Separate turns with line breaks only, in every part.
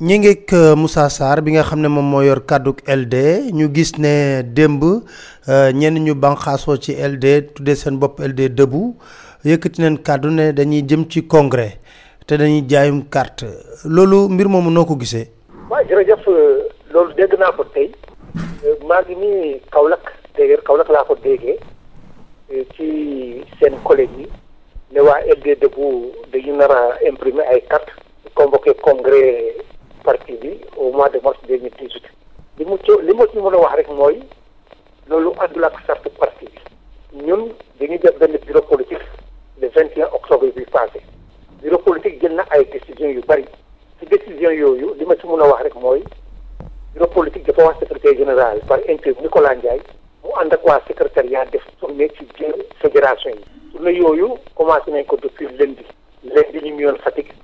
ñi ngeeg euh, Moussa Sarr bi nga xam ne moom moo yor kàdduk LD ñu gis ne démb euh, ñenn ñu banqaasoo ci LD tuddee seen bopp LD debout yëkkati neen kàddu ne dañuy jëm ci congrès te dañuy jaayum carte loolu mbir moomu noo ko gisee.
waaw jërëjëf euh, loolu dégg naa ko tey maa ngi nii Kaolack dégg Kaolack laa ko déggee ci seen collègue yi ne waa LD debout dañu nar a ay carte convoqué congrès. parti bi au mois de mars deux mille dix huit li mu ci li ma ci mën a wax rek mooy loolu àndul ak charte parti bi ñun dañuy def benn bureau politique le vingt et un bi passé bureau politique gën na ay décision yu bari ci décision yooyu li ma ci mën a wax rek mooy bureau politique dafa wax secrétaire général par intérim Nicolas Ndiaye mu ànd ak waa secrétariat def tournée ci biir fédération yi tournée yooyu commencé nañ ko depuis lundi lundi ñu ngi yoon Fatick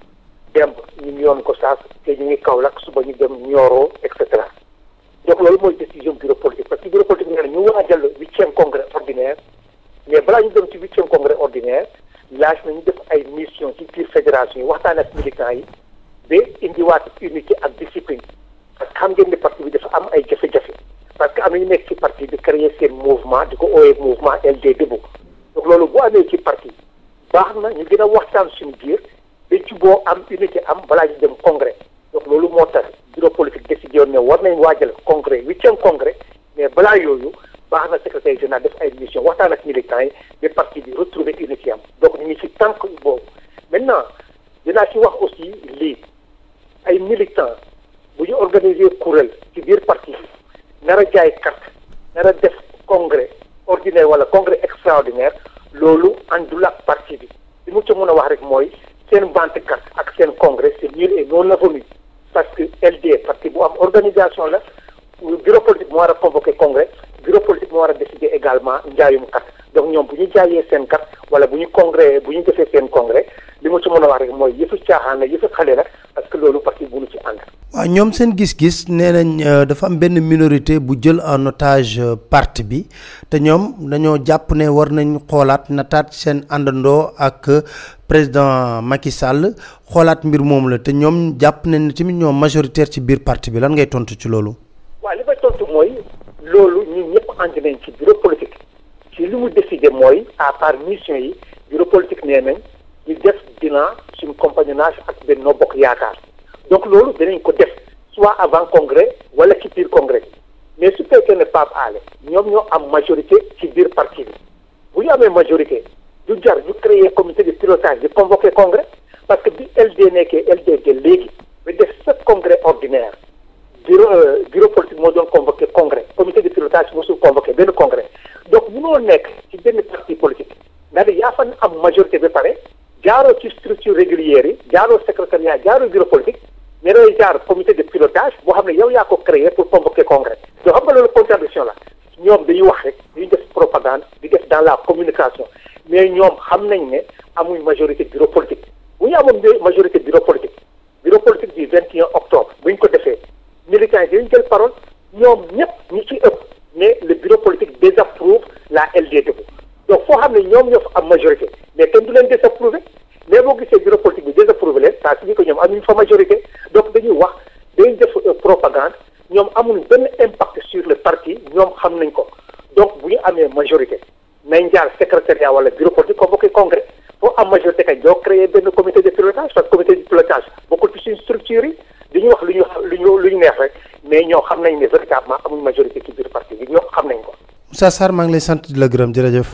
demb ñu yoon ko saas te ñu ngi kaw Kaolack suba ñu dem Nioro et cetera donc loolu mooy décision bureau politique parce que bureau politique nee na ñu waajal huitième congrès ordinaire mais balaa ñu dem ci huitième congrès ordinaire laaj na ñu def ay mission ci biir fédération yi waxtaan ak militants yi ba indiwaat unité ak discipline parce que xam ngeen ne parti bi dafa am ay jafe parce que am na ñu nekk ci parti bi créer seen mouvement di ko ooyee mouvement LD Debout donc loolu bu amee ci parti baax na ñu gën a waxtaan suñu biir. juboo am unité am balaa ñu dem congrès donc loolu moo tax bureau politique décidé ne war nañ waajal congrès huitième congrès mais balaa yooyu baax na secrétaire général def ay mission waxtaan ak militants yi ba parti bi retrouver unité am donc ñu ngi si tànk boobu maintenant dinaa ci wax aussi lii ay militants bu ñu organiser kuréel ci biir parti bi nar a jaay carte nar a def congrès ordinaire wala congrès extraordinaire loolu andul ak parti bi li mu ca mën a wax rek mooy sen vente carte ak sen congrès c'est nul et non avenu parce que LD parti bu am organisation la bureau politique moo convoquer congrès bureau politique moo décider également njaayum carte donc ñom buñu ñu sen carte wala buñu congrès buñu ñu defee seen congrès li ci mëna wax rek moy yefu caaxaan yefu xalé xale la
ñoom seen gis-gis nee euh, dafa am benn minorité bu jël en otage euh, parti bi te ñoom dañoo jàpp ne war nañ xoolaat nataat seen àndandoo ak euh, président Macky Sall xoolaat mbir moom la te ñoom jàpp nañ ne tamit ñoo majoritaire ci biir parti bi lan ngay tontu ci loolu.
waaw li may tontu mooy loolu ñun ñëpp ànd ci bureau politique ci li mu décidé mooy à mission yi bureau politique nee nañ ñu def bilan suñu compagnonnage ak Benno Bokk Yaakaar. donc nous devons ko def soit avant le congrès soit ci biir congrès mais su quelqu'un n'est pas Alé Nous avons une majorité qui biir parti Vous avez une majorité Vous jar un un comité de pilotage convoquez convoquer congrès parce que bi LD et mais léegi vous def ce congrès ordinaire bureau euh, bureau politique nous avons convoqué congrès comité de pilotage avons convoqué le congrès donc nous, nekk ci benn parti politique ndax avons une am majorité Il y a une structure régulière a un secrétariat un bureau politique mais comité de pilotage boo xam ne yow yaa ko créé pour convoquer congrès yoo xam nga loolu contradiction la ñoom dañuy wax rek dañuy def propagande di def dans la communication mais ñoom xam nañ ne amuñ majorité bureau politique bu ñu amoon majorité bureau politique bureau politique du 21 octobre bu ñu ko defee militants yi ñu jël parole ñoom ñëpp ñu ci ëpp mais le bureau politique désapprouve la LDD donc foo xam ne ñoom ñoo fa am majorité mais kenn du leen désapprouvé ñoom amul benn impact sur le parti ñoom xam nañ ko donc bu ñu amee majorité nañ jaar secrétariat wala bureau politique convoqué congrès pour am majorité kay ñoo créé benn comité de pilotage parce comité de pilotage bokkul ci suñu structure yi dañuy wax lu ñu lu ñu lu ñu neex rek mais ñoo xam nañ ne véritablement amuñ majorité ci biir parti bi ñoo xam nañ ko.
Moussa Sarr maa ngi lay sant di la gërëm jërëjëf.